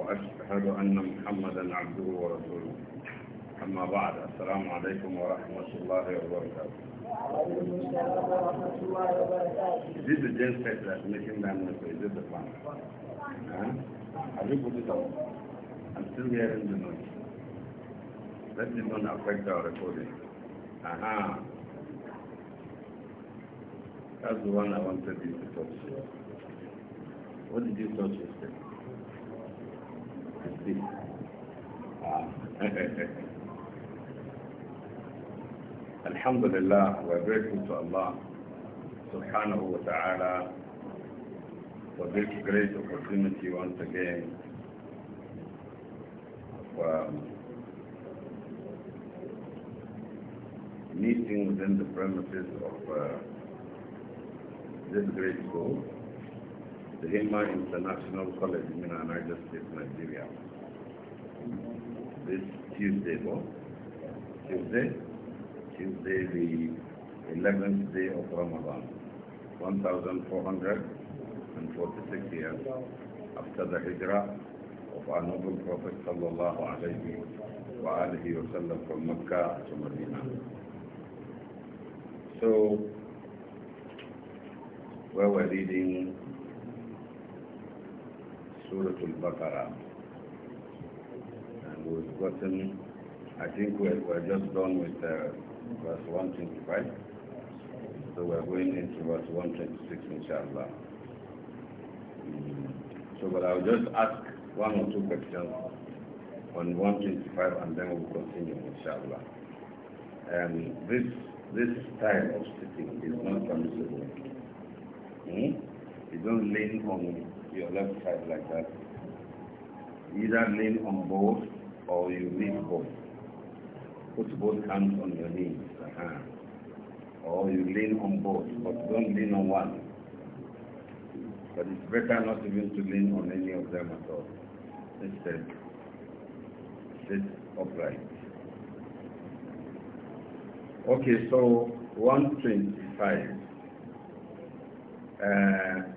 وأشهد أن محمدا عبده ورسوله أما بعد السلام عليكم ورحمة الله وبركاته Is it the gen set that's making them Is it the plan? Huh? Have you put it on? I'm still hearing the noise. let me not affect our recording. Aha. Uh -huh. That's the one I wanted you to touch. What did you touch yesterday? Ah. Alhamdulillah, we are grateful to Allah subhanahu wa ta'ala for this great opportunity once again For um, meeting within the premises of uh, this great school the Hema International College in States of Nigeria. This Tuesday, what? Tuesday? Tuesday, the 11th day of Ramadan, 1446 years after the Hijrah of our noble Prophet sallallahu alayhi wa alihi from Mecca to Medina. So, where we're reading Surah Al-Baqarah. And we've gotten, I think we're, we're just done with uh, verse 125. So we're going into verse 126, inshallah. Mm. So, but I'll just ask one or two questions on 125 and then we'll continue, inshallah. And um, this, this style of sitting is not permissible. Hmm? You don't lean on your left side like that. Either lean on both or you lean both. Put both hands on your knees, uh -huh. or you lean on both, but don't lean on one. But it's better not even to lean on any of them at all. Instead, sit upright. Okay, so 125. Uh,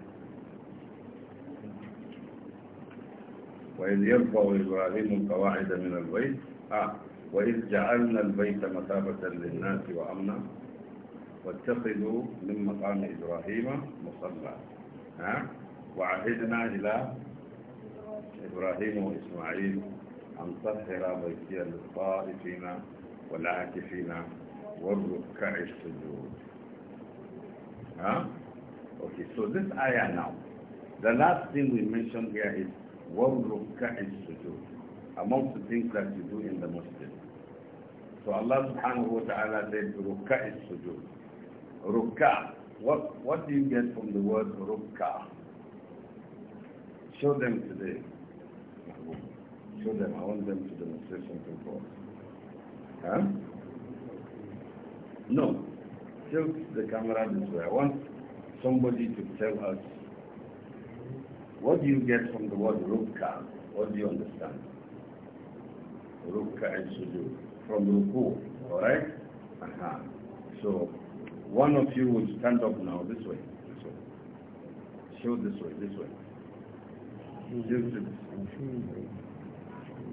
وإذ يرفع إبراهيم القواعد من البيت آه وإذ جعلنا البيت مثابة للناس وأمنا واتخذوا من مقام إبراهيم مصلى آه وعهدنا إلى إبراهيم وإسماعيل أن طهر بيتي للطائفين والعاكفين والركع السجود ها آه. okay so this ayah now the last thing we mentioned here is one rukka is sujood, amongst the things that you do in the masjid. So Allah subhanahu wa ta'ala said, rukka is sujood. Rukka, what, what do you get from the word rukka? Show them today. Show them, I want them to demonstrate something for us. Huh? No. Tilt the camera this way. I want somebody to tell us what do you get from the word rukka? What do you understand? Rukka and sujood. From ruku, alright? Uh -huh. So, one of you will stand up now, this way. This way. Show this way, this way.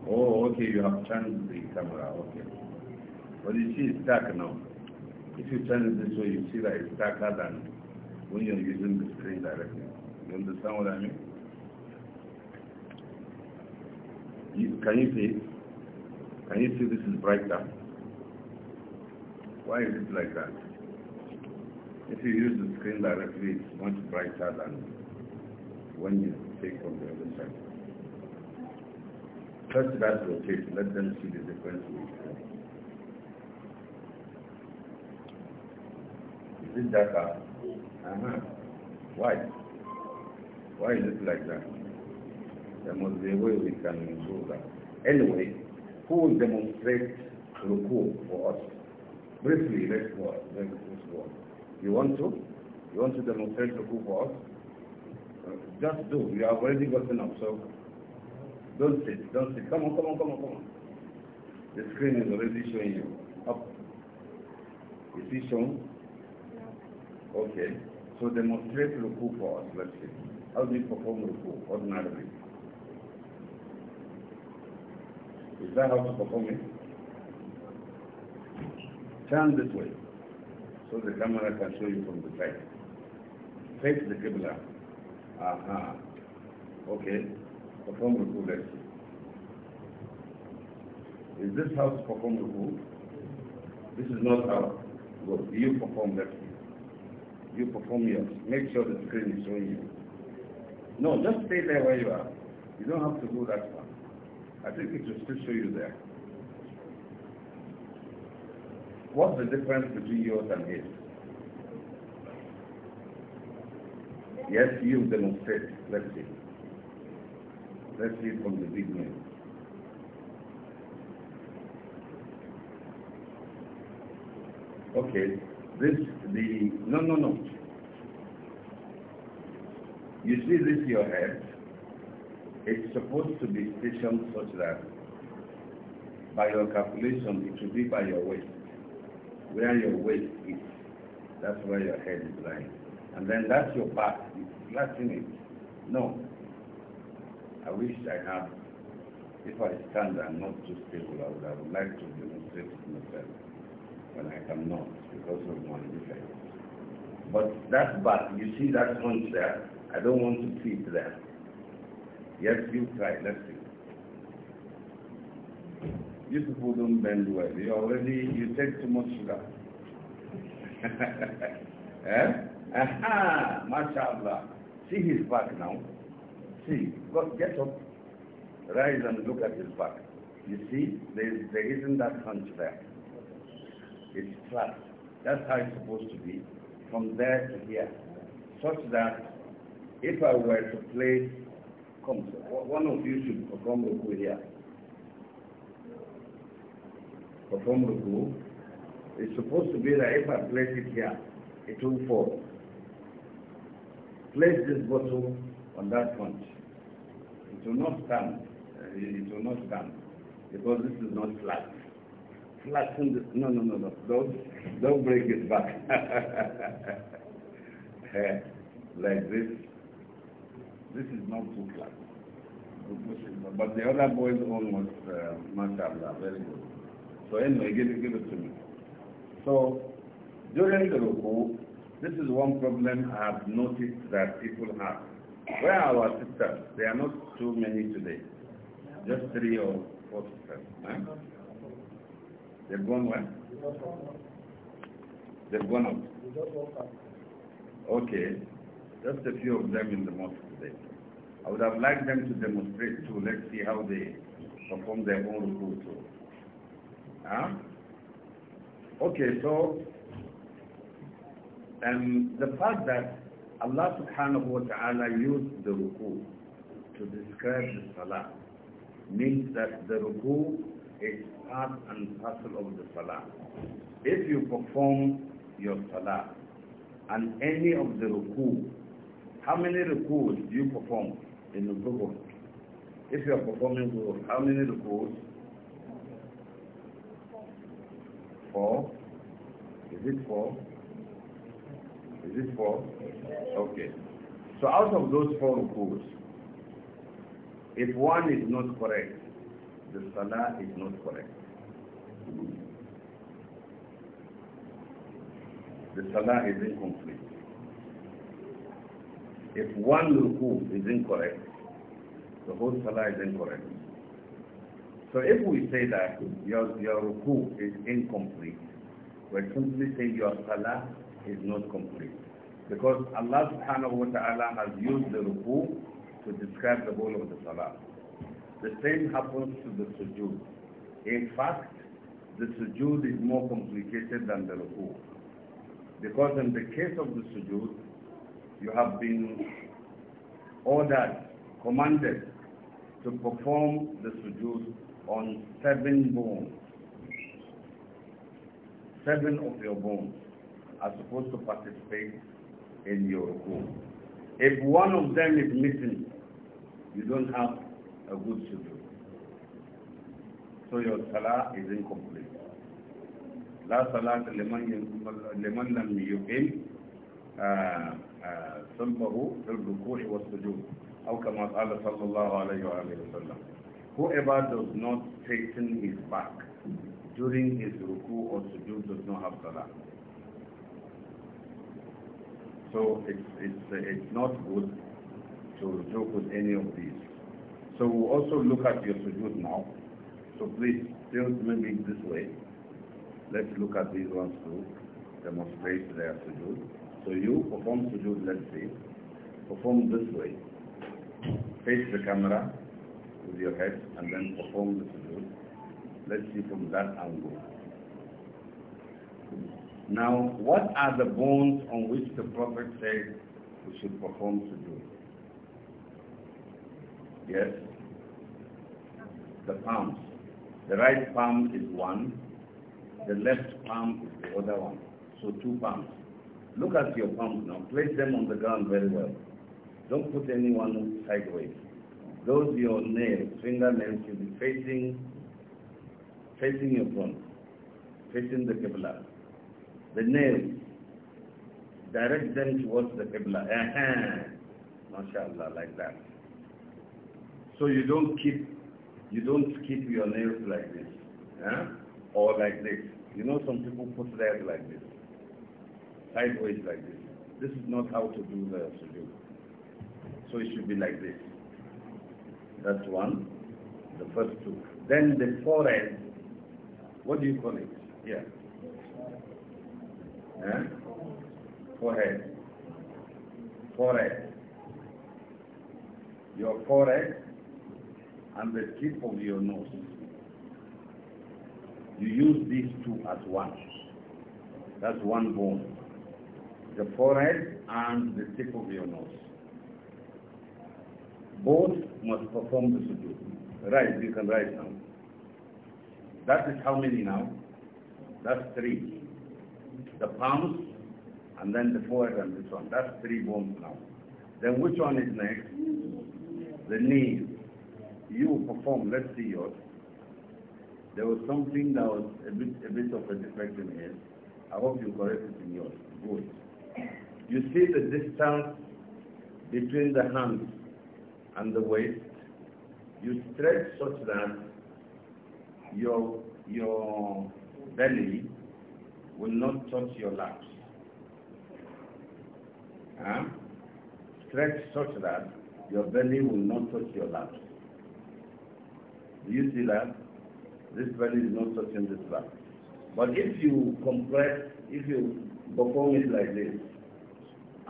Oh, okay, you have turned the camera, okay. But you see, it's dark now. If you turn it this way, you see that it's darker than when you're using the screen directly. You understand what I mean? You, can you see? Can you see this is brighter? Why is it like that? If you use the screen directly, it's much brighter than when you take from the other side. First that rotate, let them see the difference Is it darker? Uh -huh. Why? Why is it like that? There must be a way we can do that. Anyway, who will demonstrate ruku for us? Briefly, let's go. Let's, go. You want to? You want to demonstrate ruku for us? Uh, just do. You have already gotten up, so don't sit. Don't sit. Come on, come on, come on, come on. The screen is already showing you. Up. Is it shown? Okay. So demonstrate ruku for us, let's see. How do you perform ruku ordinarily? Is that how to perform it? Turn this way so the camera can show you from the back. Face the Qibla. Aha. Okay. Perform the let Is this how to perform the Ruku? This is not how. Good. You perform that. You perform yours. Make sure the screen is showing you. No, just stay there where you are. You don't have to go that far. I think it will still show you there. What's the difference between yours and his? Yes, you demonstrate. Let's see. Let's see from the beginning. Okay, this, the, no, no, no. You see this, your head? It's supposed to be stationed such that by your calculation, it should be by your weight. Where your weight is, that's where your head is lying. And then that's your back, you flattening it. No. I wish I had, if I stand I'm not too stable, I would, I would like to demonstrate it myself. But I cannot because of my defect. But that back, you see that hunch there? I don't want to see it there. Yes, you try. Let's see. You people don't bend well. You already, you take too much sugar. eh? Aha! MashaAllah. See his back now. See. Go, get up. Rise and look at his back. You see, there, is, there isn't that hunch there. It's flat. That's how it's supposed to be. From there to here. Such that if I were to place Come, one of you should perform ruku here. Perform ruku. It's supposed to be that if I place it here, it will fall. Place this bottle on that point. It will not stand. Uh, it will not stand. Because this is not flat. Flatten this. No, no, no, no. Don't, don't break it back. Uh, like this. This is not too class. But the other boy's almost uh, mashallah, very good. So anyway, give it, give it to me. So during the ruku, this is one problem I have noticed that people have. Where are our sisters? There are not too many today. Just three or four sisters. They've gone where? They've gone out. Okay. Just a few of them in the mosque. I would have liked them to demonstrate too. Let's see how they perform their own ruku too. Huh? Okay, so um, the fact that Allah subhanahu wa ta'ala used the ruku to describe the salah means that the ruku is part and parcel of the salah. If you perform your salah and any of the ruku how many rukus do you perform in the Zuhur? If you are performing four, how many rukus? Four? Is it four? Is it four? Okay. So out of those four rukus, if one is not correct, the salah is not correct. The salah is incomplete. If one ruku is incorrect, the whole salah is incorrect. So if we say that your, your ruku is incomplete, we're simply saying your salah is not complete. Because Allah subhanahu wa ta'ala has used the ruku to describe the whole of the salah. The same happens to the sujood. In fact, the sujood is more complicated than the ruku. Because in the case of the sujood, you have been ordered, commanded to perform the sujood on seven bones. Seven of your bones are supposed to participate in your ruku. If one of them is missing, you don't have a good sujood. So your salah is incomplete. Last صلاة leman leman لم يقيم ثمه في الركوع والسجود أو كما قال صلى الله عليه وآله وسلم Whoever does not straighten his back during his ruku or sujood does not have salah. So it's, it's, it's not good to joke with any of these. So we will also look at your sujood now. So please, still maybe this way. Let's look at these ones to demonstrate their sujood. So you perform sujood, let's say, perform this way. Face the camera with your head and then perform the sujood. Let's see from that angle. Now, what are the bones on which the Prophet said we should perform sujood? Yes? The palms. The right palm is one, the left palm is the other one. So two palms. Look at your palms now. Place them on the ground very well. Don't put anyone sideways. Those your nails, fingernails should be facing facing your front, facing the Qibla. The nails, direct them towards the Qibla. MashaAllah, like that. So you don't keep you don't keep your nails like this. Or like this. You know some people put theirs like this sideways like this. This is not how to do the sujood. So it should be like this. That's one, the first two. Then the forehead, what do you call it? Yeah. Huh? Forehead. Forehead. Your forehead and the tip of your nose. You use these two as one. That's one bone the forehead and the tip of your nose. Both must perform the sujood. Right, you can rise now. That is how many now? That's three. The palms and then the forehead and this one. That's three bones now. Then which one is next? The knee. You perform, let's see yours. There was something that was a bit, a bit of a defect in here. I hope you correct it in yours. Good. You see the distance between the hands and the waist. You stretch such that your, your belly will not touch your laps. Huh? Stretch such that your belly will not touch your laps. Do you see that? This belly is not touching this lap. But if you compress, if you perform it like this,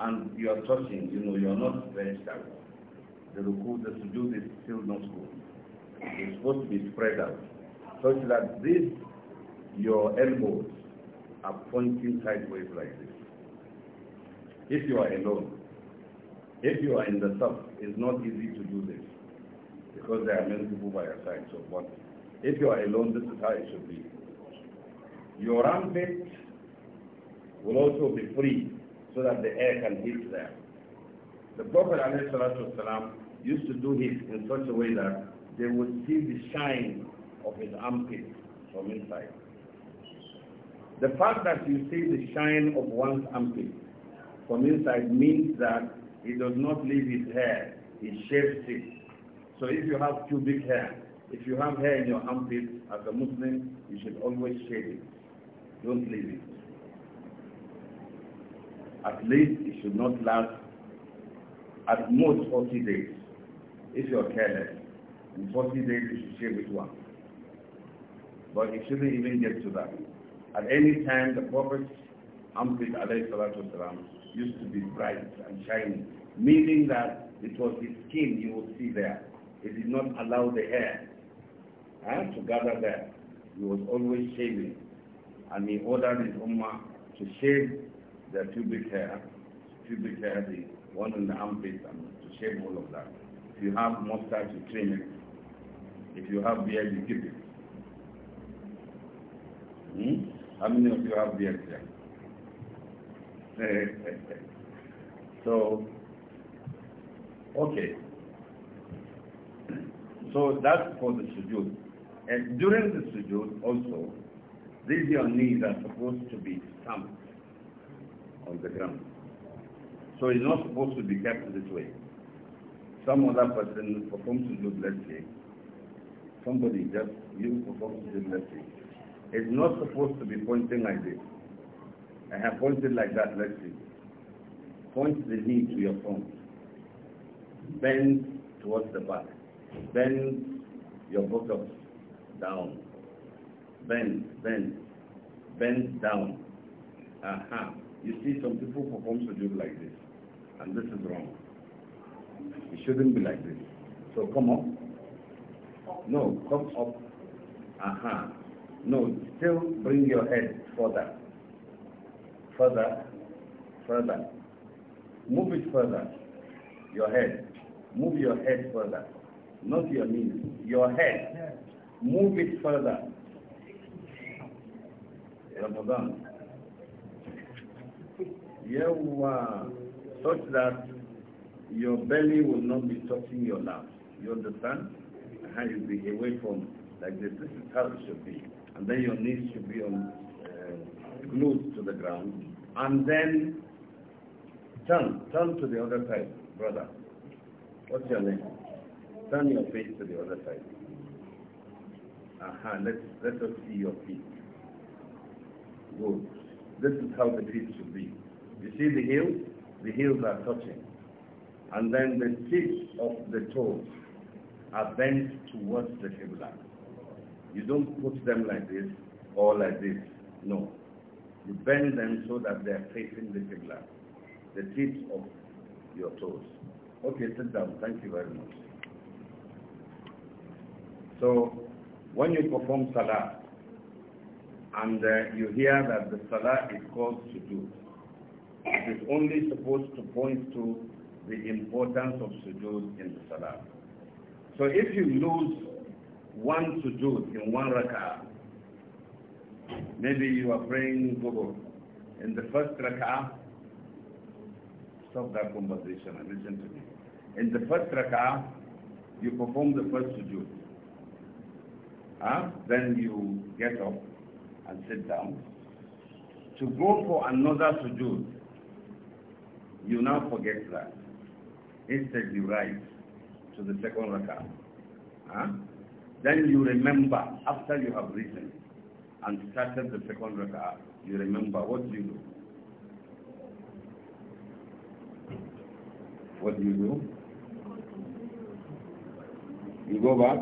and you are touching, you know, you are not very stable. The ruku, the sujood is still not good. It's supposed to be spread out such that this, your elbows are pointing sideways like this. If you are alone, if you are in the top, it's not easy to do this because there are many people by your side. So, but if you are alone, this is how it should be. Your armpit will also be free so that the air can hit them. The Prophet والسلام, used to do his in such a way that they would see the shine of his armpit from inside. The fact that you see the shine of one's armpit from inside means that he does not leave his hair, he shaves it. So if you have pubic hair, if you have hair in your armpit as a Muslim, you should always shave it. Don't leave it at least it should not last at most 40 days. If you're careless, in 40 days you should shave it once. But it shouldn't even get to that. At any time, the Prophet Amrit والسلام, used to be bright and shiny, meaning that it was his skin you would see there. It did not allow the hair eh, to gather there. He was always shaving. And he ordered his Ummah to shave the pubic hair, pubic hair, the one in the armpit, and to shave all of that. If you have mustache, you trim it. If you have beard, you keep it. Hmm? How many of you have beard here? so, okay. So that's for the sujood. And during the sujood also, these your knees are supposed to be stamped on the ground. So it's not supposed to be kept this way. Some other person performs the let's say. Somebody just, you perform sujood, let's say. It's not supposed to be pointing like this. I have pointed like that, let's see. Point the knee to your front. Bend towards the back. Bend your buttocks down. Bend, bend, bend down. Aha. Uh -huh. You see some people perform sujood like this, and this is wrong. It shouldn't be like this. So come up. No, come up. Uh-huh. No, still bring your head further. Further. Further. Move it further. Your head. Move your head further. Not your knees. Your head. Move it further. Ramadan. Yawwa, such that your belly will not be touching your lap. You understand? And you'll be away from, like this, this is how it should be. And then your knees should be on, uh, glued to the ground. And then turn, turn to the other side, brother. What's your name? Turn your face to the other side. Aha, let's, let us see your feet. Good. This is how the feet should be. You see the heel? The heels are touching. And then the tips of the toes are bent towards the Qibla. You don't put them like this or like this. No. You bend them so that they are facing the Qibla. The tips of your toes. Okay, sit down. Thank you very much. So, when you perform salah, and uh, you hear that the salah is called to do, it is only supposed to point to the importance of sujood in the salah. So if you lose one sujood in one rak'ah, maybe you are praying Zuhur. In the first rak'ah, stop that conversation and listen to me. In the first rak'ah, you perform the first sujood. Huh? Ah, then you get up and sit down. To go for another sujood, you now forget that. Instead you write to the second rakah. Huh? Then you remember after you have written and started the second rakah, you remember what you do. What do you do? You go back.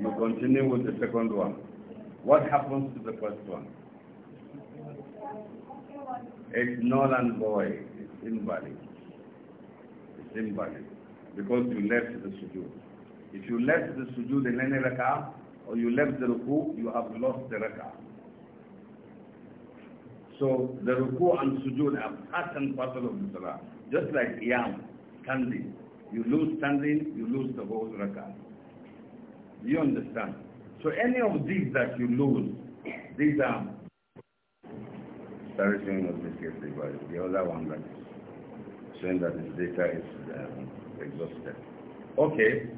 You continue with the second one. What happens to the first one? It's null and void. It's invalid. It's invalid. Because you left the sujood. If you left the sujood in any rak'ah, or you left the ruku, you have lost the rak'ah. So the ruku and sujood are part and parcel of the salah. Just like yam standing. You lose standing, you lose the whole rak'ah. Do you understand? So any of these that you lose, these are was but the other one that is saying that his data is um, exhausted. Okay.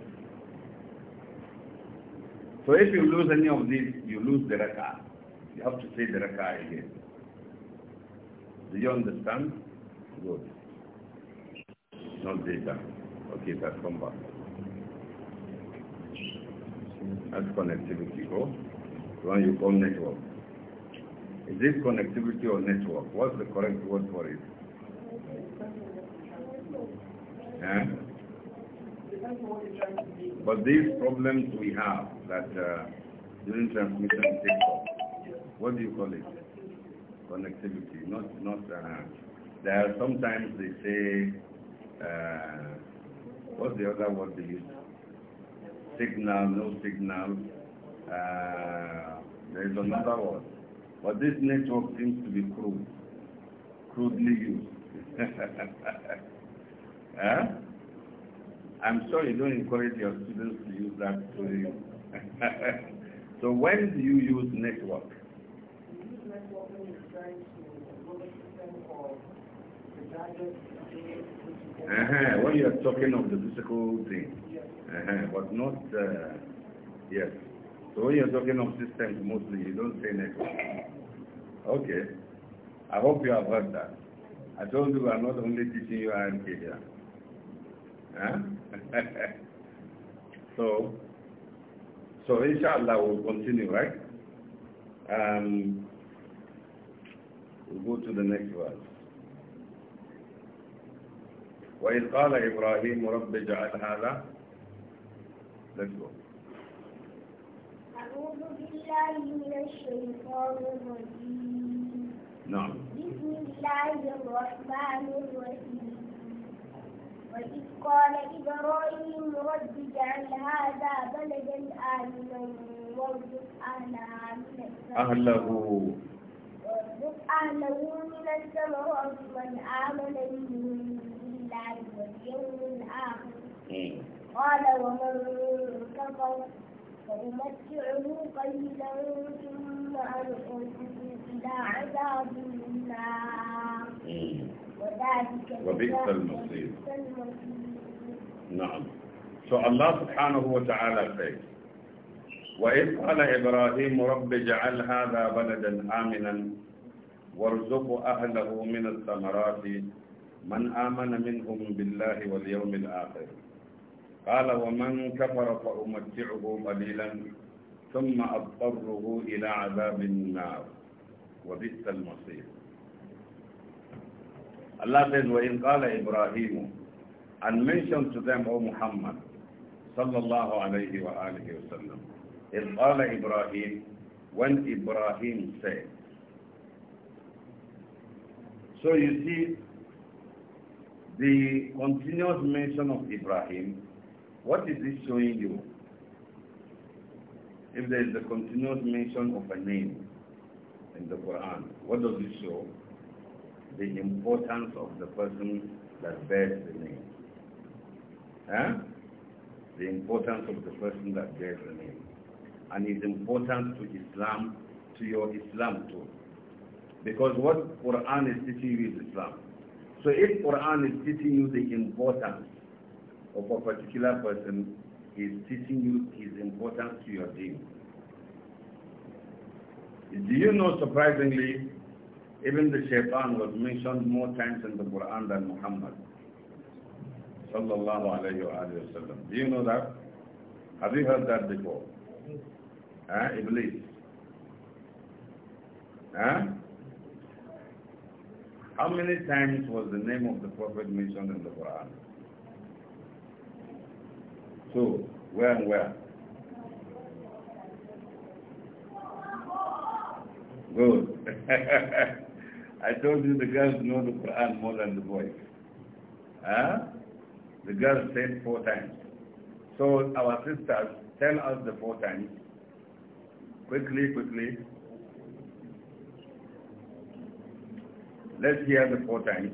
So if you lose any of these, you lose the rak'ah. You have to say the rak'ah again. Do you understand? Good. No not data. Okay, that's come back. That's connectivity. Go. Oh, when you call network. Is it connectivity or network? What's the correct word for it? But these problems we have that uh, during transmission takes off, what do you call it? Connectivity, not, not, uh, there are sometimes they say, uh, what's the other word they use? Signal, no signal, uh, there is another word. But this network seems to be crude, crudely used. huh? I'm sure you don't encourage your students to use that story. so when do you use network? when you're uh-huh, when you're talking of the physical thing, uh -huh. but not, uh, yes. So when you're talking of systems mostly, you don't say network. Okay. I hope you have heard that. I told you I'm not only teaching you in here. Huh? so, so inshallah we'll continue, right? Um, we'll go to the next verse. وإذ قال إبراهيم رب اجعل هذا Let's go. أعوذ بالله من الشيطان الرجيم نعم بسم الله الرحمن الرحيم وإذ قال إبراهيم رب اجعل هذا بلدا آمنا وارزق أهله من الثمرات وارزق أهله من الثمرات من آمن منهم بالله واليوم الآخر قال ومن كفر فنمتعه قليلا ثم ألقيه إلى عذاب النار وذلك وبئس المصير نعم So Allah subhanahu wa ta'ala says, وإذ قال إبراهيم رب اجعل هذا بلدا آمنا وارزق أهله من الثمرات من آمن منهم بالله واليوم الآخر قال ومن كفر فأمتعه قليلا ثم أضطره إلى عذاب النار وبئس المصير Allah says, وَإِنْ قَالَ إِبْرَاهِيمُ And mention to them, O Muhammad, صلى الله عليه alihi wa إِذْ قَالَ إِبْرَاهِيمُ When Ibrahim said, So you see, the continuous mention of Ibrahim What is this showing you? If there is a continuous mention of a name in the Quran, what does it show? The importance of the person that bears the name. Huh? The importance of the person that bears the name. And his importance to Islam, to your Islam too. Because what Quran is teaching you is Islam. So if Quran is teaching you the importance of a particular person is teaching you his importance to your dream. Do you know, surprisingly, even the shaitan was mentioned more times in the Quran than Muhammad? Sallallahu alayhi wa Do you know that? Have you heard that before? Huh? Iblis. Huh? How many times was the name of the Prophet mentioned in the Quran? So, where and where? Good. I told you the girls know the Quran more than the boys. Huh? The girls said four times. So our sisters, tell us the four times. Quickly, quickly. Let's hear the four times.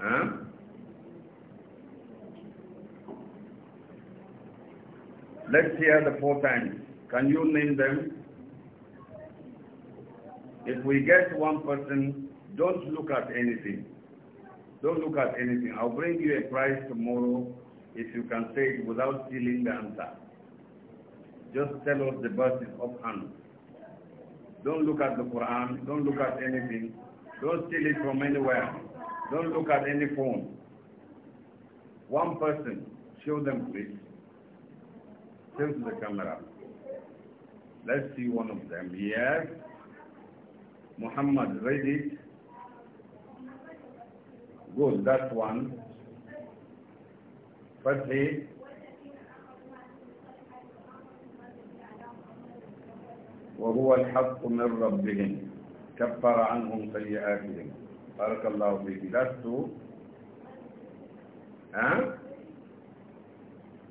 Huh? Let's hear the four times. Can you name them? If we get one person, don't look at anything. Don't look at anything. I'll bring you a prize tomorrow if you can say it without stealing the answer. Just tell us the verses offhand. Don't look at the Quran. Don't look at anything. Don't steal it from anywhere. Don't look at any phone. One person, show them please. Tilt the camera. Let's see one of them. Yes. Muhammad, read it. Good, that one. Firstly, وهو الحق من ربهم كفر عنهم سيئاتهم بارك الله فيك لست ها huh?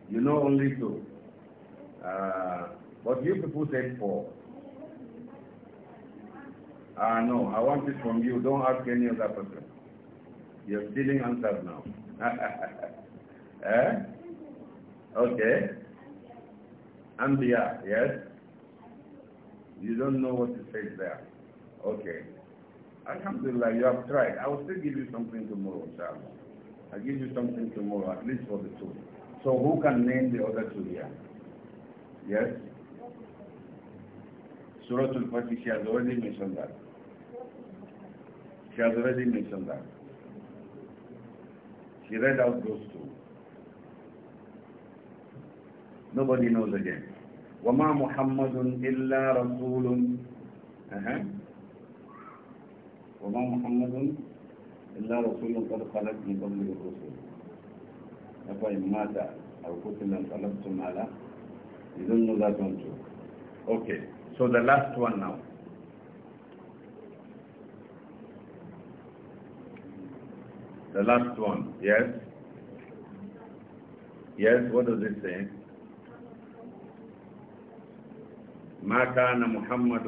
you know only two uh, but you people said four. Ah, uh, no, I want it from you. Don't ask any other person. You're stealing answers now. eh? Okay. Ambiya, yes? You don't know what to say there. Okay. Alhamdulillah, you have tried. I will still give you something tomorrow, inshallah. I'll give you something tomorrow, at least for the two. So who can name the other two here? Yes? Suratul fatih she has already mentioned that. She has already mentioned that. She read out those two. Nobody knows again. وَمَا مُحَمَّدٌ إِلَّا رَسُولٌ uh -huh. وَمَا مُحَمَّدٌ إِلَّا رَسُولٌ قَدْ خَلَتْ مِنْ قَبْلِهِ الرُّسُلُ أَفَإِنْ مَاتَ أَوْ قُتِلَ انْقَلَبْتُمْ عَلَى you don't know that one too. Okay. So the last one now. The last one, yes? Yes, what does it say? ما كان محمد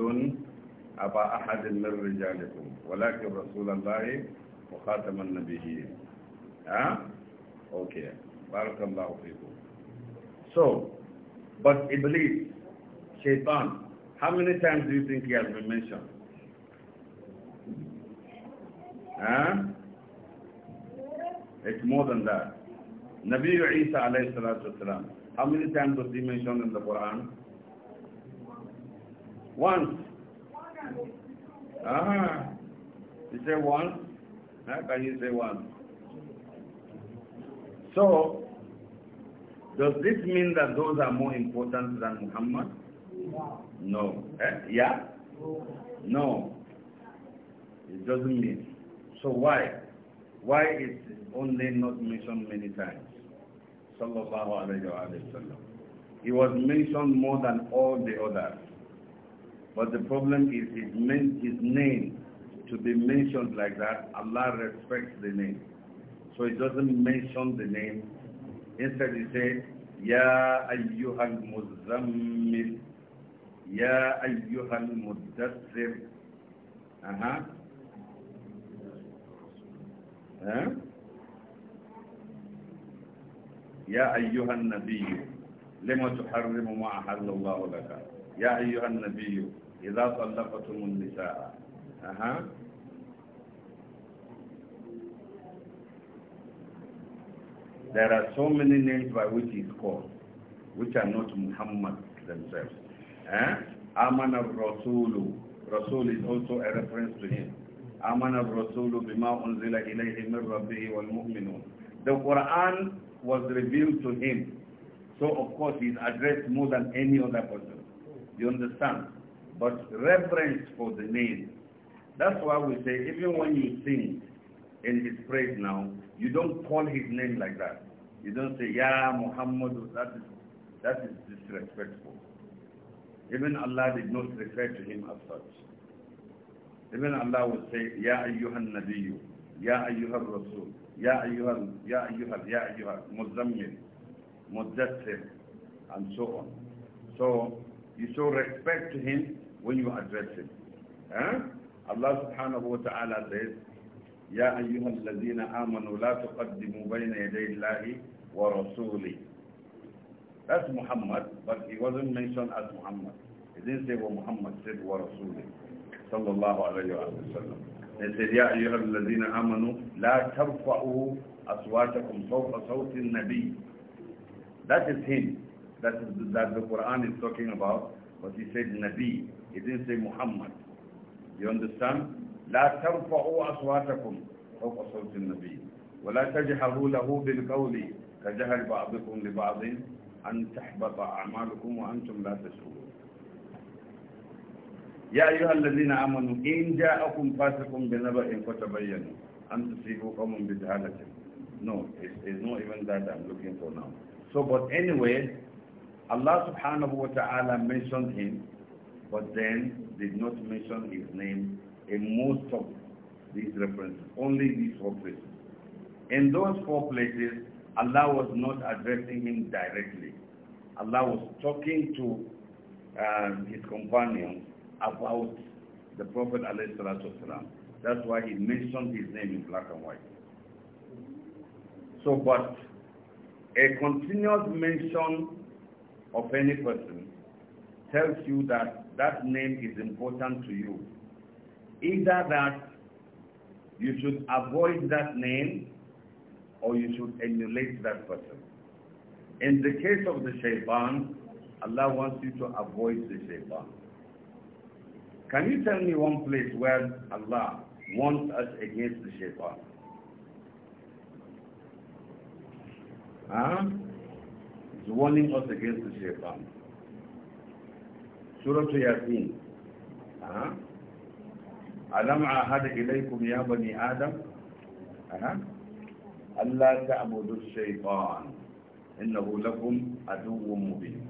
أبا أحد من رجالكم ولكن رسول الله وخاتم النبيين ها so but Iblis, Shaitan, how many times do you think he has been mentioned? Huh? It's more than that. Nabi Isa alayhi salatu wasalam, how many times was he mentioned in the Quran? Once. Ah, you say once? How can you say once? So, does this mean that those are more important than Muhammad? No. Eh? Yeah? No. It doesn't mean. So why? Why is only not mentioned many times? Sallallahu alayhi wa sallam. He was mentioned more than all the others. But the problem is his, his name to be mentioned like that, Allah respects the name. So he doesn't mention the name yasari sai ya ayyuhal muzammil ya ayyuhal muddassir aha ya ayyuhal nabiyu lima tuharrimu ma ahallallahu laka ya ayyuhal nabiyu idza tallaqtumun nisaa aha uh -huh. There are so many names by which he's called, which are not Muhammad themselves. Eh? Aman al-Rasulu. Rasul is also a reference to him. Aman al-Rasulu bima unzila ilayhi min rabbihi wal mu'minun. The Quran was revealed to him. So of course he's addressed more than any other person. You understand? But reverence for the name. That's why we say even when you sing, in his praise now, you don't call his name like that. You don't say, Ya Muhammad, that is, that is disrespectful. Even Allah did not refer to him as such. Even Allah would say, Ya Ayyuhan Nabiyyu, Ya Ayyuhan Rasul, Ya Ayyuhan, Ya Ayyuhan, Ya Ayyuhan, Muzammil, Mujassir, and so on. So, you show respect to him when you address him. Eh? Allah subhanahu wa ta'ala says, يا أيها الذين آمنوا لا تقدموا بين يدي الله ورسوله That's Muhammad, but he wasn't mentioned as Muhammad. He didn't say what Muhammad said, Rasul صلى الله عليه وسلم. They said, يا أيها الذين آمنوا لا ترفعوا أصواتكم فوق صوت النبي. That is him. That is that the Quran is talking about. But he said Nabi. He didn't say Muhammad. You understand? لا ترفعوا أصواتكم فوق صوت النبي ولا تجهروا له بالقول كجهر بعضكم لبعض أن تحبط أعمالكم وأنتم لا تشعرون يا أيها الذين آمنوا إن جاءكم فاسق بنبأ فتبينوا أن تصيبوا قوم بجهالة No, it's, it's not even that I'm looking for now. So, but anyway, Allah subhanahu wa ta'ala mentioned him, but then did not mention his name in most of these references, only these four places. In those four places, Allah was not addressing him directly. Allah was talking to um, his companions about the Prophet ﷺ. That's why he mentioned his name in black and white. So, but a continuous mention of any person tells you that that name is important to you Either that you should avoid that name or you should emulate that person. In the case of the shaitan, Allah wants you to avoid the shaitan. Can you tell me one place where Allah wants us against the shaitan? Huh? He's warning us against the shaitan. Surah Yasin. Huh? alam ahada ilaykum ya bani adam aha Allah ta'budu shaytan innahu lakum aduwwun mubin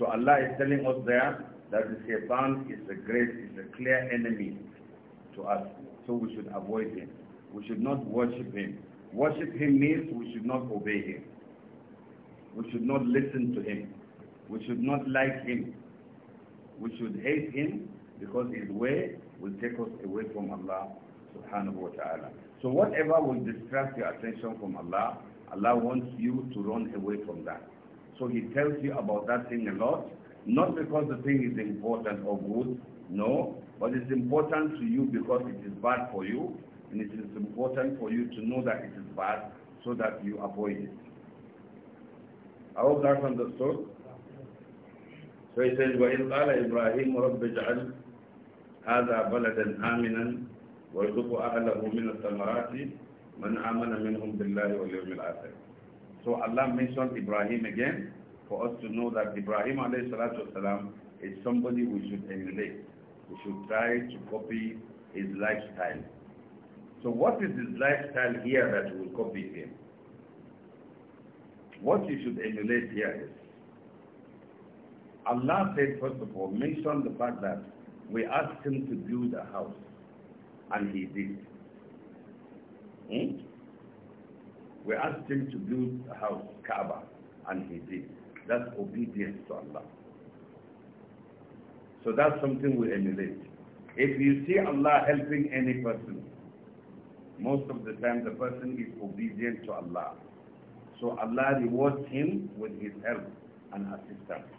so Allah is telling us there that the shaytan is a great is a clear enemy to us so we should avoid him we should not worship him worship him means we should not obey him we should not listen to him we should not like him we should hate him because his way will take us away from Allah subhanahu wa ta'ala. So whatever will distract your attention from Allah, Allah wants you to run away from that. So he tells you about that thing a lot, not because the thing is important or good, no, but it's important to you because it is bad for you, and it is important for you to know that it is bad so that you avoid it. I hope that's understood. So he says, وَإِذْ قَالَ إِبْرَاهِيمُ رَبِّ جَعَلْ هذا بلدا آمنا ويرزق أهله من الثمرات من آمن منهم بالله واليوم الآخر So Allah mentioned Ibrahim again for us to know that Ibrahim والسلام, is somebody we should emulate. We should try to copy his lifestyle. So what is his lifestyle here that we will copy him? What you should emulate here is, Allah said first of all, mention the fact that we asked him to build a house, and he did. Hmm? We asked him to build a house, Kaaba, and he did. That's obedience to Allah. So that's something we emulate. If you see Allah helping any person, most of the time the person is obedient to Allah. So Allah rewards him with his help and assistance.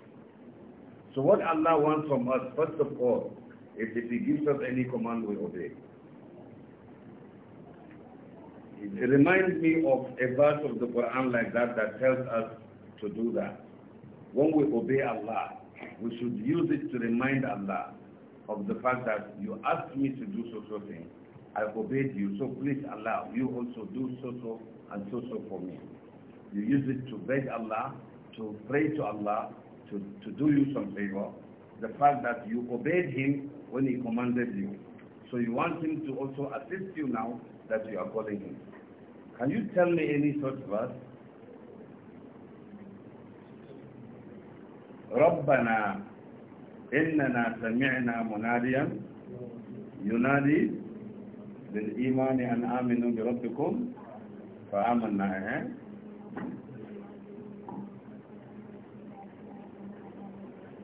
So what Allah wants from us, first of all, if, if he gives us any command, we obey. It reminds me of a verse of the Quran like that that tells us to do that. When we obey Allah, we should use it to remind Allah of the fact that you asked me to do so so thing. I obeyed you, so please Allah, you also do so so and so so for me. You use it to beg Allah, to pray to Allah, to, to do you some favor. The fact that you obeyed him when he commanded you. So you want him to also assist you now that you are calling him. Can you tell me any such verse? ربنا إننا سمعنا مناديا ينادي للإيمان أن آمنوا بربكم فآمنا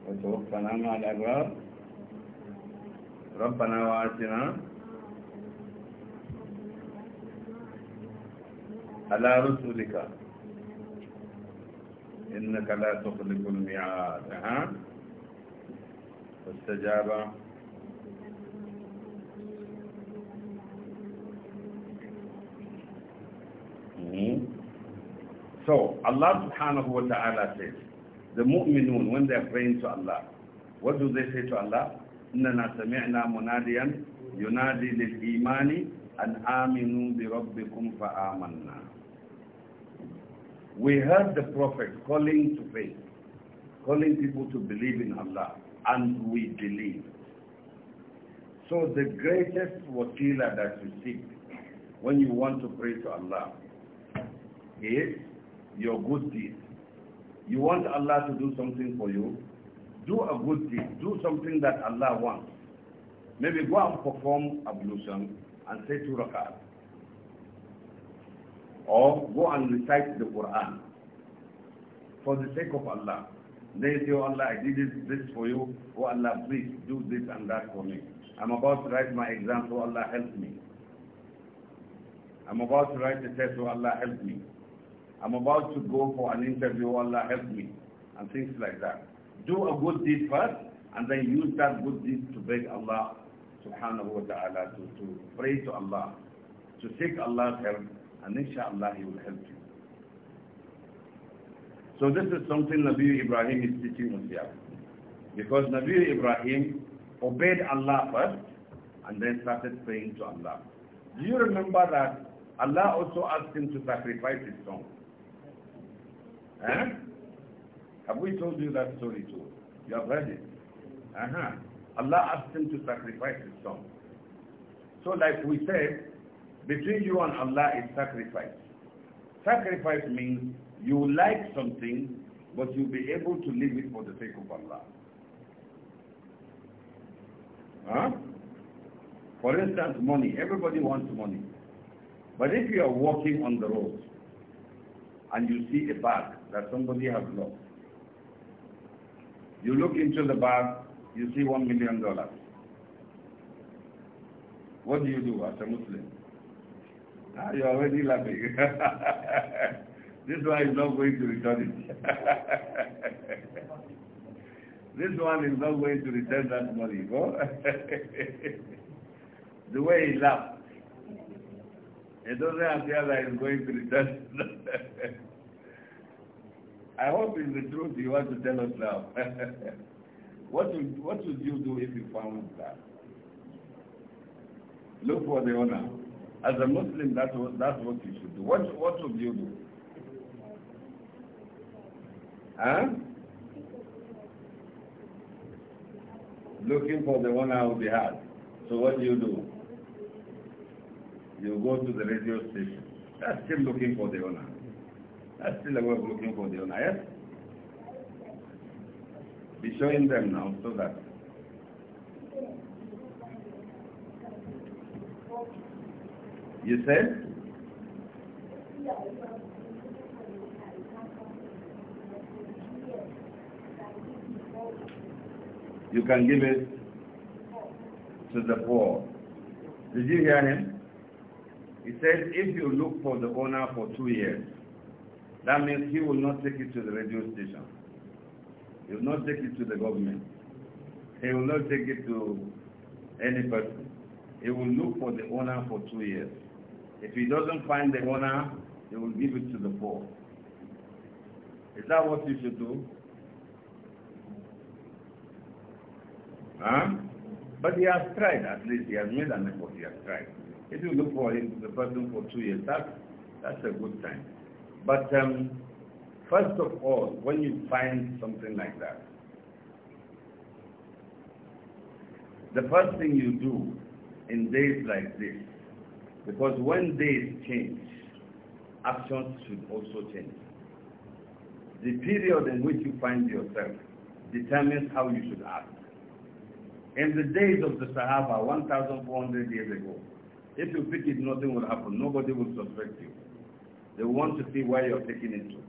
وتوفنا مع الأبرار ربنا واتنا على رسولك إنك لا تخلق الميعاد ها فاستجاب So Allah subhanahu wa ta'ala says, the mu'minun, when they are praying to Allah, what do they say to Allah? إننا سمعنا مناديا ينادي للإيمان أن آمنوا بربكم We heard the prophet calling to faith, calling people to believe in Allah, and we believe. So the greatest wakila that you seek when you want to pray to Allah is your good deeds. You want Allah to do something for you, do a good deed, do something that Allah wants. Maybe go and perform ablution and say two rakat. Or go and recite the Quran for the sake of Allah. They say, oh Allah, I did this, this for you. Oh Allah, please do this and that for me. I'm about to write my exam, so Allah help me. I'm about to write a test, so Allah help me. I'm about to go for an interview, oh Allah help me. And things like that do a good deed first, and then use that good deed to beg Allah subhanahu wa ta'ala, to, to pray to Allah, to seek Allah's help, and inshaAllah He will help you. So this is something Nabi Ibrahim is teaching us here. Because Nabi Ibrahim obeyed Allah first, and then started praying to Allah. Do you remember that Allah also asked him to sacrifice his son? Eh? Have we told you that story too? You have heard it. Uh-huh. Allah asked him to sacrifice his son. So like we said, between you and Allah is sacrifice. Sacrifice means you like something, but you'll be able to leave it for the sake of Allah. Huh? For instance, money. Everybody wants money. But if you are walking on the road and you see a bag that somebody has lost, you look into the bag, you see one million dollars. What do you do as a Muslim? Ah, you're already laughing. this one is not going to return it. this one is not going to return that money. Go. the way he laughs, It doesn't appear that he's going to return I hope it's the truth you want to tell us now. what, would, what would you do if you found that? Look for the owner. As a Muslim, that's what, that's what you should do. What, what would you do? Huh? Looking for the owner behind. the heart. So what do you do? You go to the radio station. That's still looking for the owner. That's still a way of looking for the owner, Be showing them now so that. You said? You can give it to the poor. Did you hear him? He said, if you look for the owner for two years, that means he will not take it to the radio station. He will not take it to the government. He will not take it to any person. He will look for the owner for two years. If he doesn't find the owner, he will give it to the poor. Is that what you should do? Huh? But he has tried, at least he has made an effort, he has tried. If you look for him, the person for two years, that, that's a good time. But um, first of all, when you find something like that, the first thing you do in days like this, because when days change, actions should also change. The period in which you find yourself determines how you should act. In the days of the Sahaba, 1,400 years ago, if you pick it, nothing will happen. Nobody will suspect you. They want to see where you're taking it to.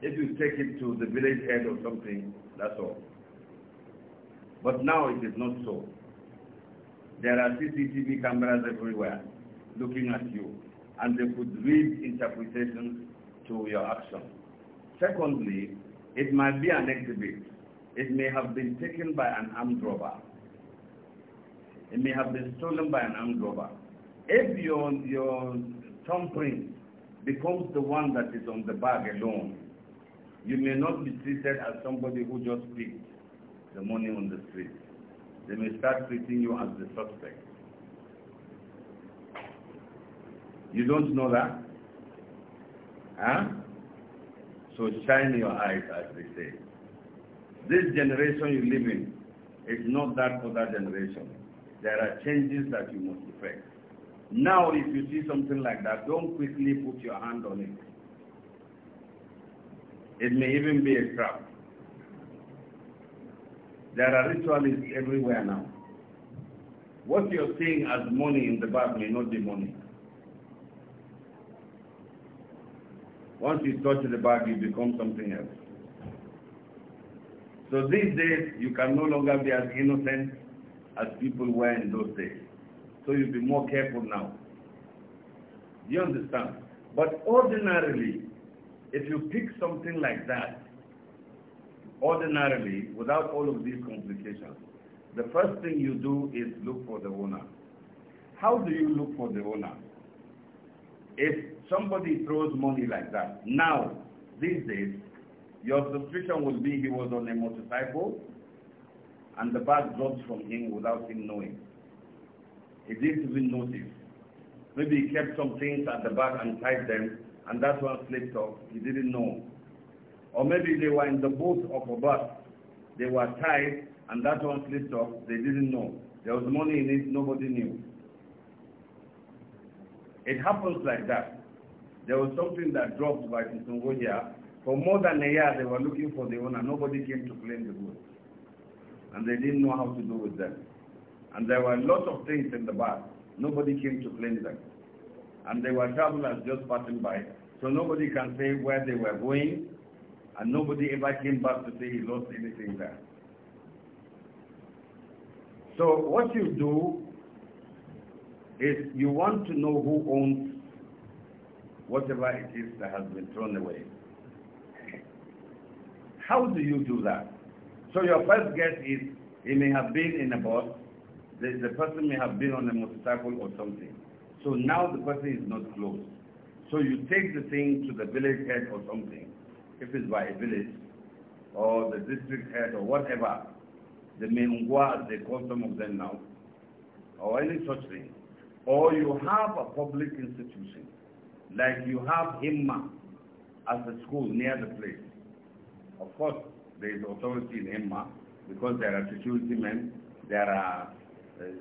If you take it to the village head or something, that's all. But now it is not so. There are CCTV cameras everywhere looking at you, and they could read interpretations to your action. Secondly, it might be an exhibit. It may have been taken by an armed robber. It may have been stolen by an armed robber. If your, your thumbprint becomes the one that is on the bag alone. You may not be treated as somebody who just picked the money on the street. They may start treating you as the suspect. You don't know that? Huh? So shine your eyes, as they say. This generation you live in is not that that generation. There are changes that you must effect. Now, if you see something like that, don't quickly put your hand on it. It may even be a trap. There are ritualists everywhere now. What you're seeing as money in the bag may not be money. Once you touch the bag, you become something else. So these days, you can no longer be as innocent as people were in those days. So you'll be more careful now. you understand? But ordinarily, if you pick something like that, ordinarily, without all of these complications, the first thing you do is look for the owner. How do you look for the owner? If somebody throws money like that, now, these days, your suspicion will be he was on a motorcycle and the bag drops from him without him knowing. He didn't even notice. Maybe he kept some things at the back and tied them, and that's one slipped off. He didn't know. Or maybe they were in the boat of a bus. They were tied, and that one slipped off. They didn't know. There was money in it, nobody knew. It happens like that. There was something that dropped by Kisongo here. For more than a year, they were looking for the owner. Nobody came to claim the goods. And they didn't know how to do with them. And there were lots of things in the bus. Nobody came to claim them. And there were travelers just passing by. So nobody can say where they were going. And nobody ever came back to say he lost anything there. So what you do is you want to know who owns whatever it is that has been thrown away. How do you do that? So your first guess is it may have been in a bus. The, the person may have been on a motorcycle or something. So now the person is not close. So you take the thing to the village head or something, if it's by a village, or the district head or whatever, the mengwa they call some of them now, or any such thing. Or you have a public institution, like you have Himma as a school near the place. Of course, there is authority in Himma because there are security men, there are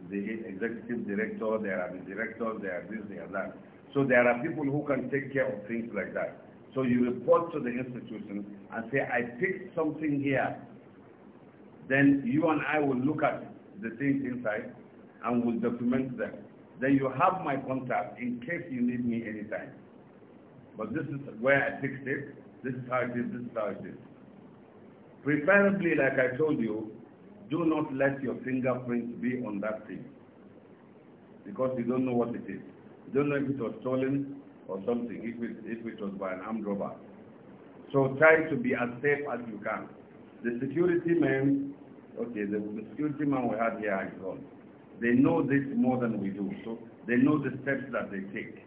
the executive director, there are the directors, there are this, there are that. So there are people who can take care of things like that. So you report to the institution and say, I picked something here. Then you and I will look at the things inside and will document them. Then you have my contact in case you need me anytime. But this is where I fixed it. This is how it is. This is how it is. Preferably, like I told you, do not let your fingerprint be on that thing because you don't know what it is. You don't know if it was stolen or something, if it, if it was by an armed robber. So try to be as safe as you can. The security men, okay, the, the security man we had here is gone. They know this more than we do. So they know the steps that they take.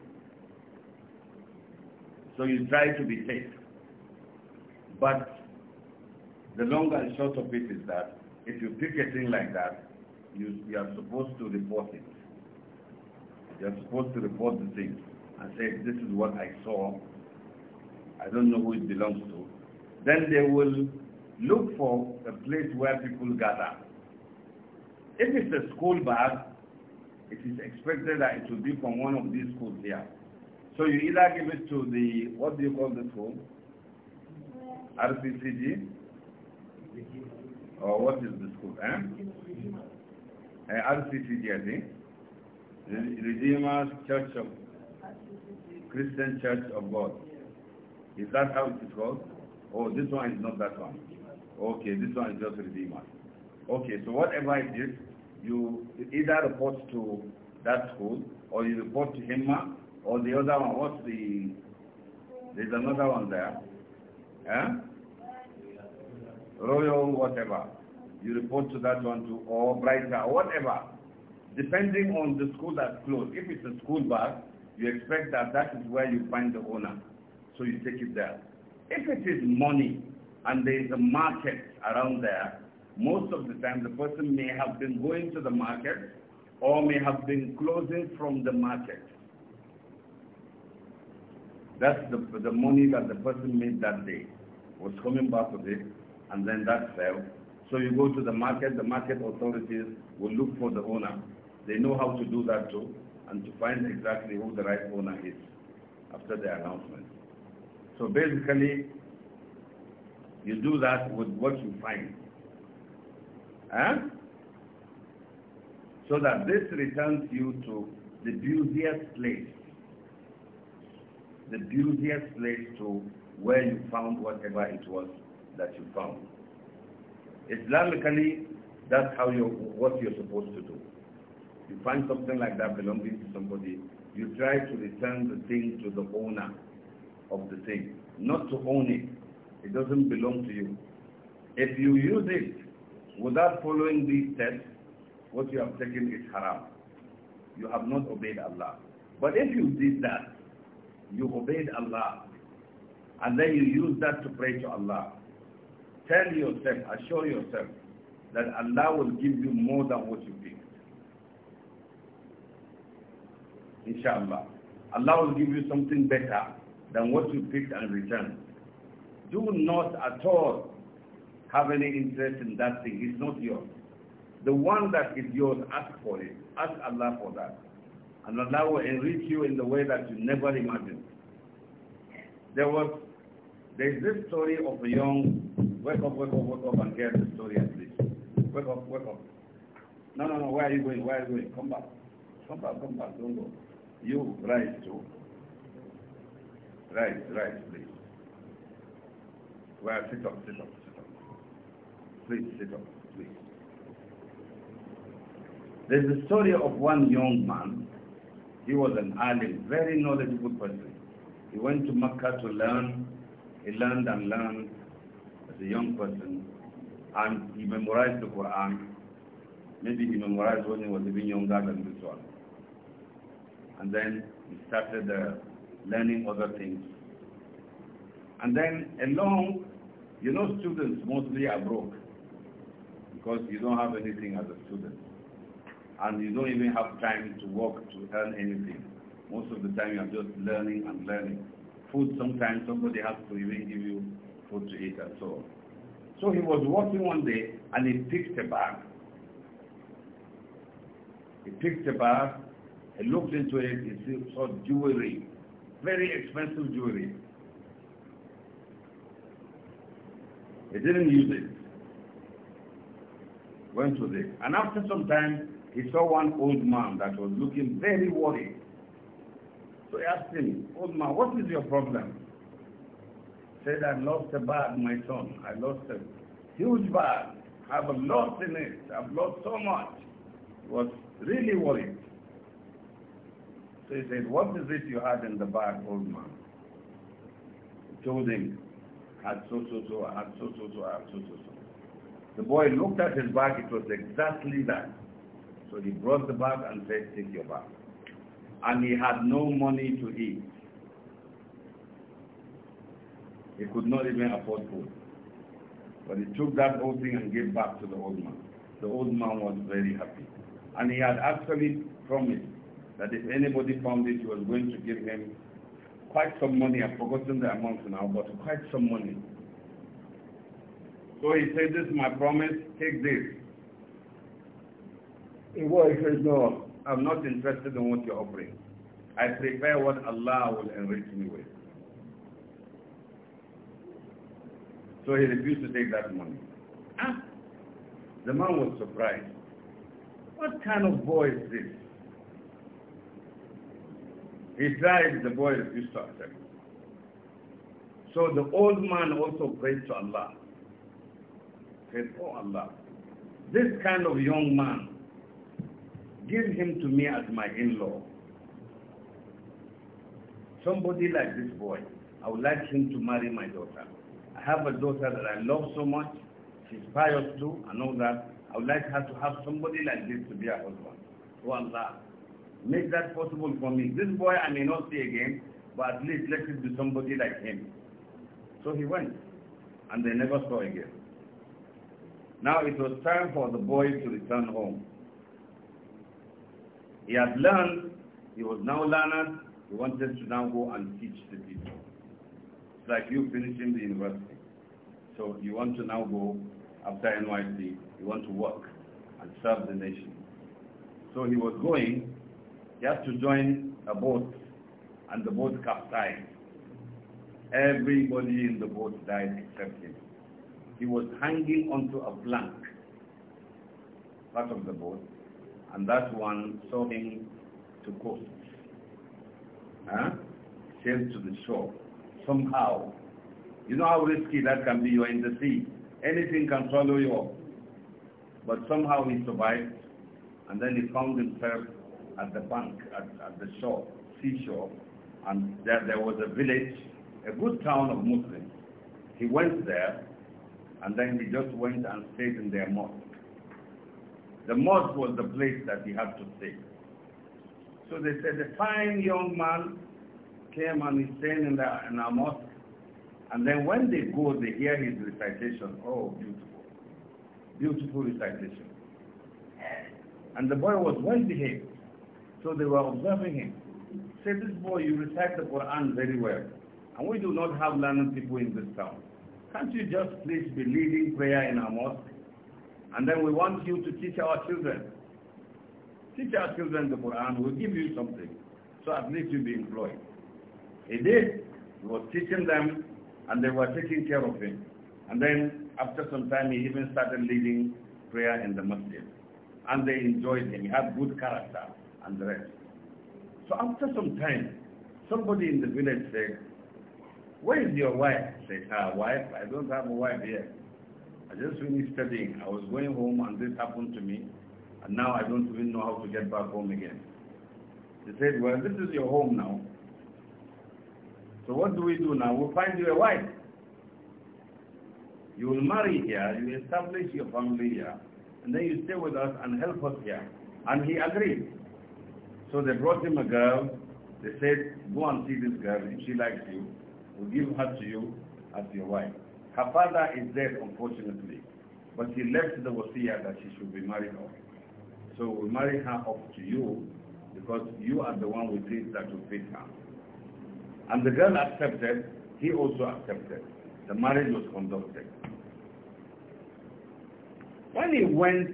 So you try to be safe. But the long and short of it is that if you pick a thing like that, you, you are supposed to report it. You are supposed to report the thing and say, this is what I saw. I don't know who it belongs to. Then they will look for a place where people gather. If it's a school bag, it is expected that it will be from one of these schools here. So you either give it to the, what do you call the school? RCCG? Or what is this school? Eh? Uh, eh, RCCG, I think. Redeemer's Church of Christian Church of God. Is that how it is called? Oh, this one is not that one. Okay, this one is just Redeemer. Okay, so whatever it is, you either report to that school or you report to him or the other one. What's the... There's another one there. Eh? royal whatever, you report to that one too, or brighter, whatever, depending on the school that's closed. If it's a school bus, you expect that that is where you find the owner. So you take it there. If it is money and there is a market around there, most of the time the person may have been going to the market or may have been closing from the market. That's the, the money that the person made that day, was coming back with it, and then that fell. So you go to the market, the market authorities will look for the owner. They know how to do that too, and to find exactly who the right owner is after the announcement. So basically, you do that with what you find. Huh? So that this returns you to the busiest place. The busiest place to where you found whatever it was that you found. Islamically, that's how you what you're supposed to do. You find something like that belonging to somebody, you try to return the thing to the owner of the thing, not to own it. It doesn't belong to you. If you use it without following these steps, what you have taken is haram. You have not obeyed Allah. But if you did that, you obeyed Allah, and then you use that to pray to Allah, Tell yourself, assure yourself that Allah will give you more than what you think. Inshallah. Allah will give you something better than what you picked and returned. Do not at all have any interest in that thing. It's not yours. The one that is yours, ask for it. Ask Allah for that. And Allah will enrich you in the way that you never imagined. There was, there's this story of a young Wake up, wake up, wake up and get the story at least. Wake up, wake up. No, no, no, where are you going? Where are you going? Come back. Come back, come back, don't go. You, rise too. Rise, rise, please. Well, sit up, sit up, sit up. Please, sit up, please. There's a story of one young man. He was an alim, very knowledgeable person. He went to Makkah to learn. He learned and learned as a young person, and he memorized the Quran. Maybe he memorized when he was even younger than this one. And then he started uh, learning other things. And then along, you know students mostly are broke because you don't have anything as a student. And you don't even have time to work to earn anything. Most of the time you are just learning and learning. Food sometimes somebody has to even give you food to eat and so on. So he was walking one day and he picked a bag. He picked a bag, he looked into it, he saw jewelry, very expensive jewelry. He didn't use it. Went to this. And after some time, he saw one old man that was looking very worried. So he asked him, old man, what is your problem? said, I lost a bag, my son. I lost a huge bag. I've lost in it. I've lost so much. He was really worried. So he said, what is it you had in the bag, old man? He told him, had so, so, so, had so, so, so, had so, so, so. The boy looked at his bag. It was exactly that. So he brought the bag and said, take your bag. And he had no money to eat. He could not even afford food. But he took that old thing and gave back to the old man. The old man was very happy. And he had actually promised that if anybody found it, he was going to give him quite some money. I've forgotten the amount now, but quite some money. So he said, this is my promise, take this. And what he says, no, I'm not interested in what you're offering. I prefer what Allah will enrich me with. So he refused to take that money. Ah, the man was surprised. What kind of boy is this? He tried, the boy refused to accept. So the old man also prayed to Allah. said, Oh Allah, this kind of young man, give him to me as my in-law. Somebody like this boy, I would like him to marry my daughter. I have a daughter that I love so much, she's pious too, and all that. I would like her to have somebody like this to be her husband. So Allah, make that possible for me. This boy I may not see again, but at least let it be somebody like him. So he went, and they never saw again. Now it was time for the boy to return home. He had learned, he was now learned, he wanted to now go and teach the people like you finishing the university. So you want to now go after NYC, you want to work and serve the nation. So he was going, he had to join a boat and the boat capsized. Everybody in the boat died except him. He was hanging onto a plank, part of the boat, and that one saw him to coast. Huh? Sailed to the shore somehow. You know how risky that can be. You're in the sea. Anything can swallow you up. But somehow he survived, and then he found himself at the bank, at, at the shore, seashore, and there, there was a village, a good town of Muslims. He went there, and then he just went and stayed in their mosque. The mosque was the place that he had to stay. So they said, a fine young man came and is staying in, the, in our mosque. And then when they go, they hear his recitation. Oh, beautiful. Beautiful recitation. And the boy was well behaved. So they were observing him. Say, this boy, you recite the Quran very well. And we do not have learned people in this town. Can't you just please be leading prayer in our mosque? And then we want you to teach our children. Teach our children the Quran. We'll give you something. So at least you'll be employed. He did. He was teaching them and they were taking care of him. And then after some time he even started leading prayer in the masjid. And they enjoyed him. He had good character and the rest. So after some time, somebody in the village said, where is your wife? I said, ah, wife? I don't have a wife here. I just finished studying. I was going home and this happened to me. And now I don't even know how to get back home again. He said, well, this is your home now. So what do we do now? We find you a wife. You will marry here, you establish your family here, and then you stay with us and help us here. And he agreed. So they brought him a girl. They said, go and see this girl. If she likes you, we'll give her to you as your wife. Her father is dead, unfortunately. But he left the wasiya that she should be married off. So we marry her off to you because you are the one we think that will fit her. And the girl accepted, he also accepted. The marriage was conducted. When he went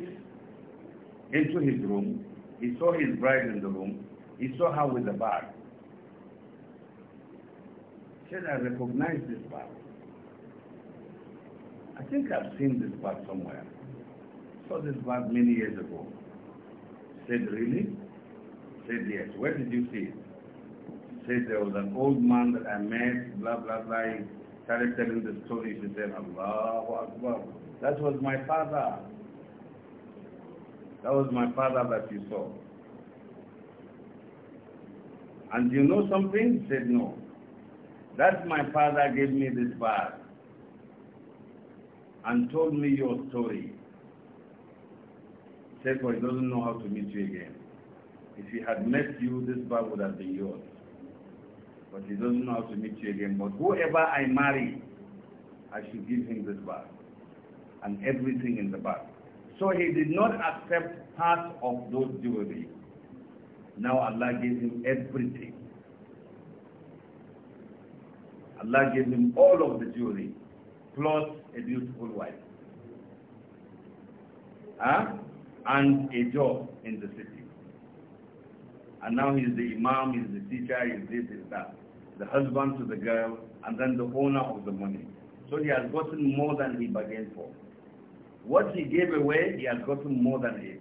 into his room, he saw his bride in the room. He saw her with a bag. He said, I recognize this bag. I think I've seen this bag somewhere. Saw this bag many years ago. Said, really? Said, yes. Where did you see it? said there was an old man that I met, blah, blah, blah. He started telling the story. She said, Allahu Akbar. That was my father. That was my father that you saw. And you know something? He said, no. That my father gave me this bag and told me your story. He said, but well, he doesn't know how to meet you again. If he had met you, this bar would have been yours but he doesn't know how to meet you again. But whoever I marry, I should give him this bag and everything in the bag. So he did not accept part of those jewelry. Now Allah gave him everything. Allah gave him all of the jewelry, plus a beautiful wife. Huh? And a job in the city. And now he's the imam, he's the teacher, he's this, he's that the husband to the girl, and then the owner of the money. So he has gotten more than he bargained for. What he gave away, he has gotten more than it.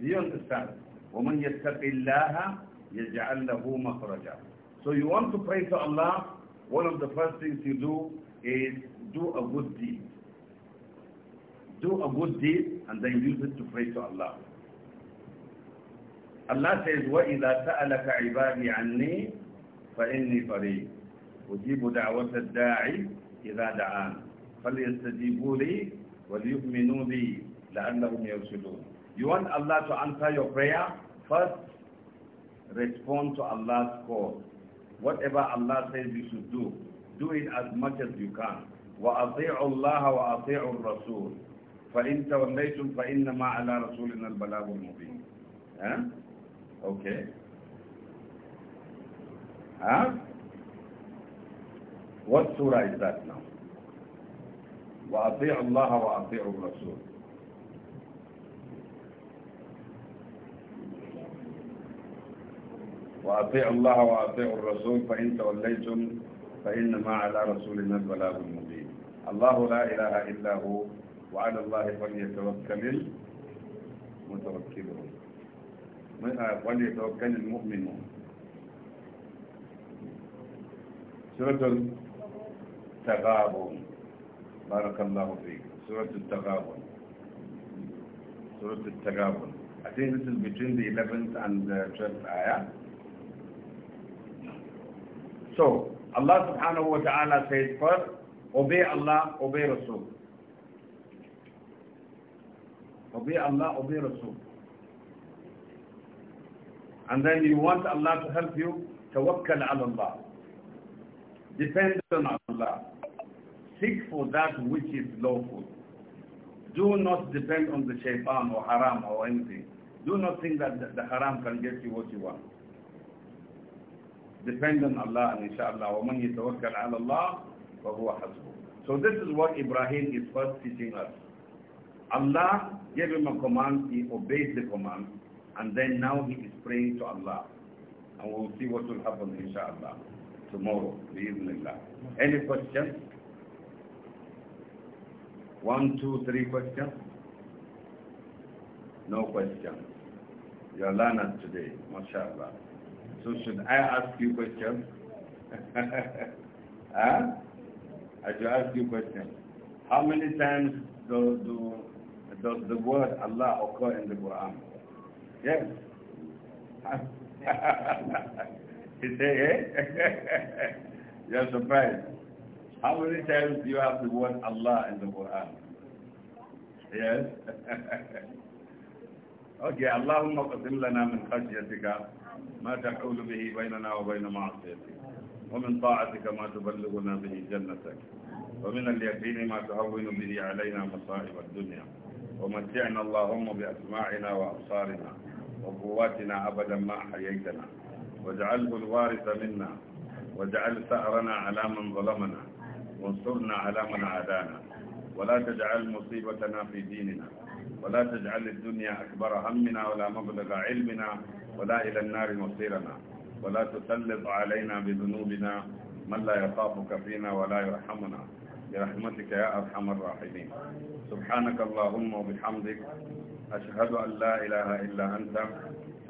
Do you understand? وَمَنْ يَتَّقِ اللَّهَ يَجْعَلْ لَهُ مَخْرَجًا So you want to pray to Allah, one of the first things you do is do a good deed. Do a good deed and then use it to pray to Allah. Allah says, وَإِذَا سَأَلَكَ عِبَادِي عَنِّي فإني قريب أجيب دعوة الداعي إذا دعان فليستجيبوا لي وليؤمنوا بي لعلهم يرشدون You want Allah to answer your prayer? First, respond to Allah's call. Whatever Allah says you should do, do it as much as you can. وأطيعوا الله وأطيعوا الرسول فإن توليتم فإنما على رسولنا البلاغ المبين. Huh? Okay. Huh? What surah is that now? وَأَطِيعُ اللَّهَ وَأَطِيعُ الرَّسُولِ وأطيعوا الله وأطيعوا الرسول فإن توليتم فإنما على رسولنا البلاغ المبين الله لا إله إلا هو وعلى الله فليتوكل المتوكلون وليتوكل المؤمنون سورة التغابن بارك الله فيك سورة التغابن سورة التغابن I think this is between the 11th and the 12th ayah. So, Allah subhanahu wa ta'ala says first, obey Allah, obey Rasul. Obey Allah, obey Rasul. And then you want Allah to help you, tawakkal ala Allah. Depend on Allah. Seek for that which is lawful. Do not depend on the shaitan or haram or anything. Do not think that the, the haram can get you what you want. Depend on Allah and inshallah. وَمَنْ يَتَوَكَّلْ عَلَى اللَّهِ فَهُوَ حَسْبُهُ So this is what Ibrahim is first teaching us. Allah gave him a command, he obeys the command, and then now he is praying to Allah. And we'll see what will happen inshallah tomorrow, bi'idhnillah. Any questions? One, two, three questions? No questions. You're learners today, mashallah. So should I ask you questions? huh? I should ask you questions. How many times do, do, does the word Allah occur in the Quran? Yes. He eh? said, You're surprised. How many times do you have the word Allah in the Quran? Yes? okay, اللهم قسم لنا من خشيتك ما تحول به بيننا وبين معصيتك ومن طاعتك ما تبلغنا به جنتك ومن اليقين ما تهون به علينا مصائب الدنيا ومتعنا اللهم بأسماعنا وأبصارنا وقواتنا أبدا ما أحييتنا واجعله الوارث منا واجعل ثأرنا على من ظلمنا وانصرنا على من عادانا ولا تجعل مصيبتنا في ديننا ولا تجعل الدنيا أكبر همنا ولا مبلغ علمنا ولا إلى النار مصيرنا ولا تسلط علينا بذنوبنا من لا يخافك فينا ولا يرحمنا برحمتك يا أرحم الراحمين سبحانك اللهم وبحمدك أشهد أن لا إله إلا أنت